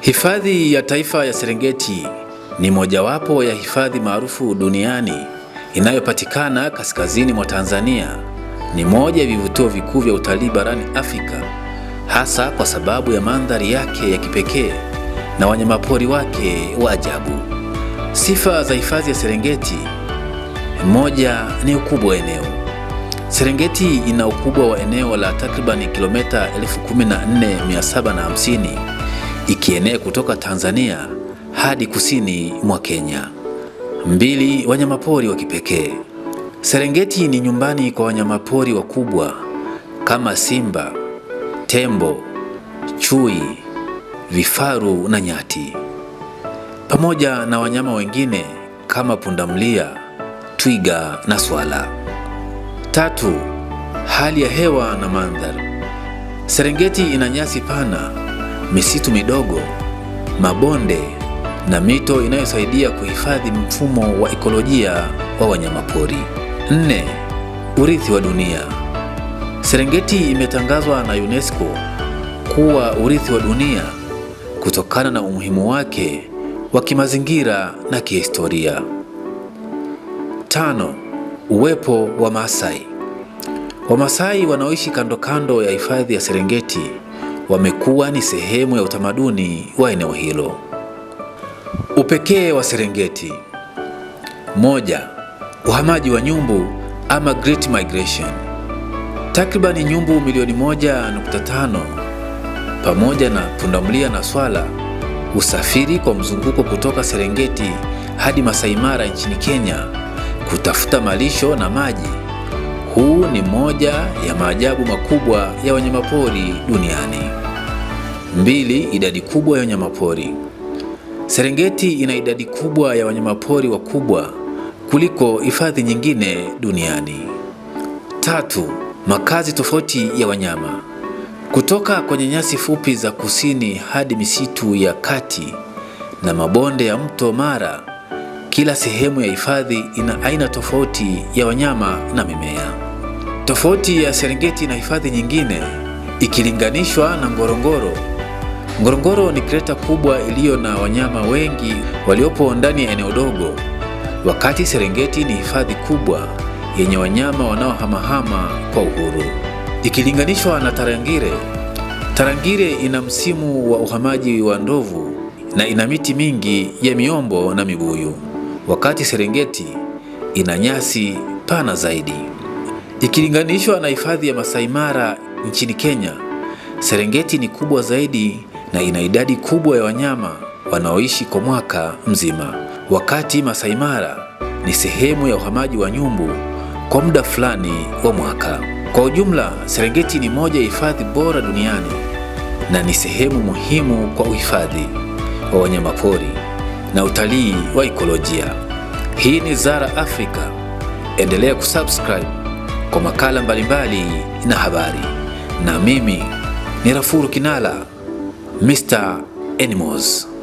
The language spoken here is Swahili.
Hifadhi ya Taifa ya Serengeti ni mojawapo ya hifadhi maarufu duniani inayopatikana kaskazini mwa Tanzania. Ni moja ya vivutio vikuu vya utalii barani Afrika, hasa kwa sababu ya mandhari yake ya kipekee na wanyamapori wake wa ajabu. Sifa za hifadhi ya Serengeti: moja ni ukubwa wa eneo. Serengeti ina ukubwa wa eneo la takribani kilomita 14750 ikienea kutoka Tanzania hadi kusini mwa Kenya. Mbili, wanyamapori wa kipekee. Serengeti ni nyumbani kwa wanyamapori wakubwa kama simba, tembo, chui, vifaru na nyati, pamoja na wanyama wengine kama pundamlia, twiga na swala. Tatu, hali ya hewa na mandhari. Serengeti ina nyasi pana misitu midogo, mabonde na mito inayosaidia kuhifadhi mfumo wa ekolojia wa wanyamapori. Nne, urithi wa dunia. Serengeti imetangazwa na UNESCO kuwa urithi wa dunia kutokana na umuhimu wake wa kimazingira na kihistoria. Tano, uwepo wa Maasai. Wamasai wanaoishi kando kando ya hifadhi ya Serengeti wamekuwa ni sehemu ya utamaduni wa eneo hilo. Upekee wa Serengeti. Moja, uhamaji wa nyumbu ama Great Migration. Takribani nyumbu milioni 1.5 pamoja na pundamlia na swala husafiri kwa mzunguko kutoka Serengeti hadi Masai Mara nchini Kenya kutafuta malisho na maji huu ni moja ya maajabu makubwa ya wanyamapori duniani. Mbili, idadi kubwa ya wanyamapori. Serengeti ina idadi kubwa ya wanyamapori wakubwa kuliko hifadhi nyingine duniani. Tatu, makazi tofauti ya wanyama. Kutoka kwenye nyasi fupi za kusini hadi misitu ya kati na mabonde ya mto Mara, kila sehemu ya hifadhi ina aina tofauti ya wanyama na mimea. Tofauti ya Serengeti na hifadhi nyingine ikilinganishwa na Ngorongoro, Ngorongoro ni kreta kubwa iliyo na wanyama wengi waliopo ndani ya eneo dogo, wakati Serengeti ni hifadhi kubwa yenye wanyama wanaohamahama kwa uhuru. Ikilinganishwa na Tarangire, Tarangire ina msimu wa uhamaji wa ndovu na ina miti mingi ya miombo na mibuyu, wakati Serengeti ina nyasi pana zaidi. Ikilinganishwa na hifadhi ya Masai Mara nchini Kenya, Serengeti ni kubwa zaidi na ina idadi kubwa ya wanyama wanaoishi kwa mwaka mzima, wakati Masai Mara ni sehemu ya uhamaji wa nyumbu kwa muda fulani wa mwaka. Kwa ujumla, Serengeti ni moja ya hifadhi bora duniani na ni sehemu muhimu kwa uhifadhi wa wanyamapori na utalii wa ikolojia. Hii ni Zara Africa, endelea kusubscribe kwa makala mbalimbali na habari, na mimi ni Rafuru Kinala, Mr Animals.